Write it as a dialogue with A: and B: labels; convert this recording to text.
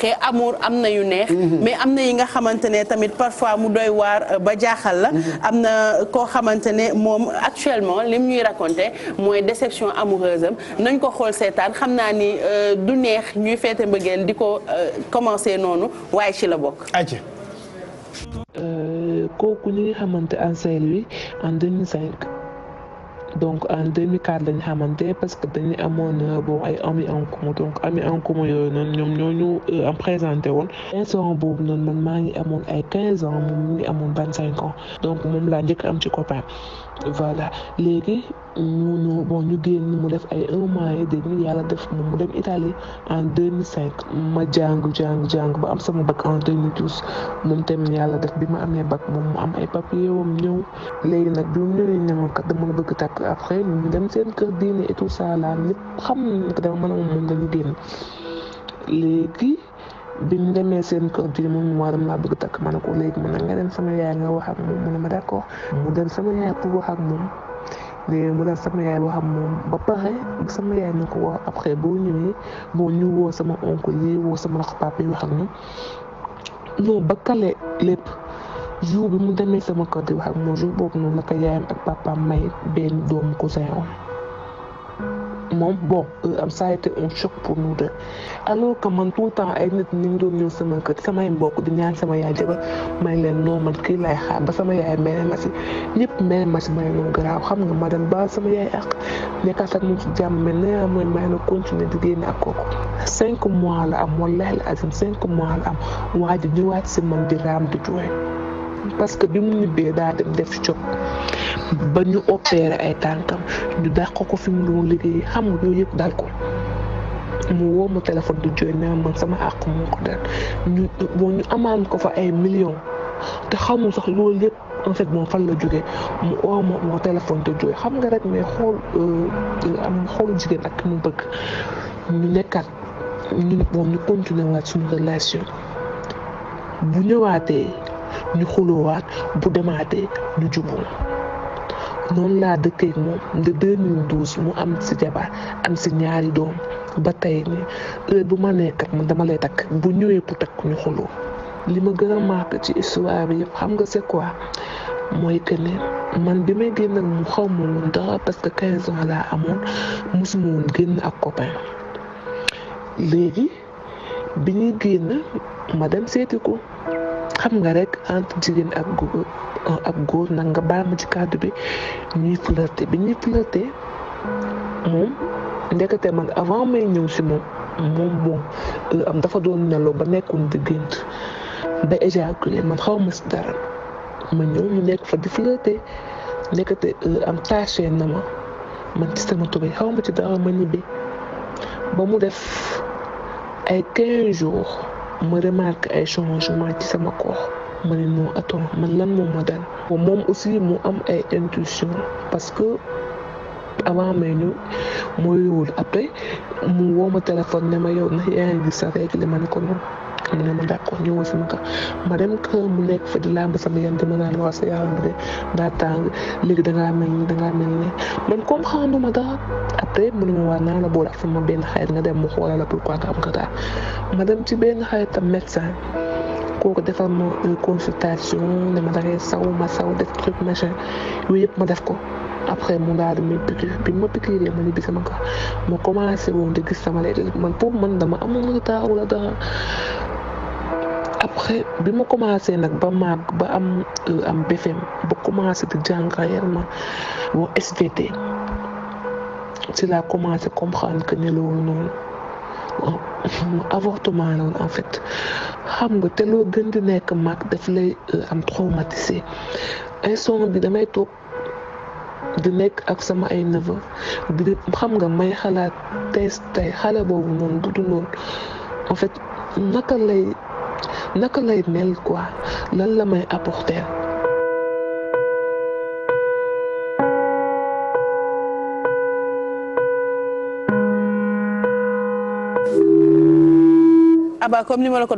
A: te amour am na yu neex mhm. mais am na yi nga xamante ne tamit parfois mu doy waar euh, ba jaaxal la mhm. am na koo xamante ne moom actuellement lim ñuy raconté mooy déception amoureuse nañ ko xool seetaan xam naa ni euh, du neex ñuy feete mbëggeel di ko euh, commencé noonu waaye ci la bokk kooku ñi nga xamante donc en 2004 lañ xamante parce que dañu amoon euh, bon ay amis en commun donc amis en commun yooyu noonu ñoom ñoo ñu am euh, présenté woon instant boobu noonu man maa ngi amoon ay 15 ans moom mu ngi amoon cinq ans donc moom laa njëkk am ci copain voilà léegi. ñu ñu bon ñu génn mu def ay un mois et demi yàlla def mu dem Italie en 2005 ma jàng jàng jàng ba am sama bac en 2012 moom tamit yàlla def bi ma amee bac moom mu am ay papier wam ñëw léegi nag bi mu ñëwee ne ma kat dama la bëgg tàkk dem seen kër diine et tout xam nañ ko dama a moom dañu génn léegi bi seen kër ji moom mu dama takk ma ne ko léegi mën na nga dem sama yaay nga wax ak moom mu ne ma d'accord mu dem sama yaay pour wax moom mais mu ne sama yaay wax moom ba pare sama yaay na ko wax après boo ñëwee bon ñu woo sama oncle yi woo sama rakk papa yi wax ba kale lépp jour bi mu demee sama kër di ak moom jour boobu noonu la ko yaayam ak papaam may benn doomu cousin moom bon euh, am a été un choc pour nous deux que man tout temps ay nit ñu ngi sama kër samay mbokk di ñaan sama yaay jabar may leen noo kii lay xaar ba sama yaay mel ma si ñëpp mel ma si may noonu garaaw xam nga ma dem ba sama yaay ak nekkaat ak moom si jàmm mais nee mooy may na continuer di génne ak kooku cinq mois la am wallahi la azim cinq mois la am waa ji ñëwaat si man di raam di jooy parce que bi mu ñibbee daa dem def choc ba ñu opéré ay tànkam ñu dàq ko fi mu doon liggéey xam nga yooyu yëpp dal ko mu woo ma téléphone di jooy naa man sama àq moo ko dal amaan ko fa ay millions te xamul sax loolu yëpp fan la jógee mu oo ma moo téléphone di jooy xam nga rek mais xool euh, am xoolu jigéen ak mu bëgg ñu nekkaat ñu continuer waat suñu relation bu ñëwaatee ñu xuloowaat bu demaatee ñu juboo noonu laa dëkkeek moom de mu am si jabar am si ñaari doom ba tey ni heure bu ma nekk ak dama lay takk bu ñëwee pour takk ñu xuloo li ma gën a marqué ci histoire yëpp xam nga c'est quoi mooy que man bi may génn ak mu xaw ma woon dara parce que 15 ans laa amoon mosuma génn ak copain léegi bi ñuy génn ma dem seeti ko. xam nga rek entre jigéen ak góor euh, ak góor nag nga baal ma ci kàddu bi ñuy flirté bi ñuy flirté moom ndekete man avant may ñëw si moom moom moom am dafa doon nelaw ba nekkoon di gént ba éjaculé man xaw ma si dara ma ñëw ñu nekk fa di flirté ndekete am taché na ma man ci sama tubéy xaw ma ci dara ma ñibbi ba mu def ay quinze jours ma remarque ay changement ci sama koox ma ne non attends man lan moom ma dal moom aussi mu am ay intuition parce que avant may ñëw mooy yowul après mu woo ma téléphone ne ma yow na yaa ngi gis sa règle ma ne ko noonu mu ne ma d'accord ma dem kër mu nekk fa sama yan dama naan waaw sa yaram bi de dangaa mel ni dangaa mel ni man comme xaandu ma dara après mu waa naa la boole ak sama benn xarit nga dem mu xoolal la pourquoi nga ko ma dem ci benn xaritam médecin kooku defal ma consultation ne ma dangay saw ma saw def truc machin yooyu yëpp ma def ko après mu daal di may piqûre bi ma piqûre ma ñibbi sama kër ma commencé woon di gis sama léeg-léeg man pour man dama amoon retard wala dara après bi ma commencé nag ba màgg ba am euh, am BFM ba commencé di jàng réellement woo SVT si laa commencé comprendre que ne loolu noonu avortement la en fait xam nga te loo gën di nekk mag daf lay euh, am traumatisé bi damay toog di nekk ak sama ay neveu xam nga may xalaat tey tey xale boobu noonu du du noonu en fait naka lay. naka lay mel quoi lan la may apporter. Aba ah comme la ko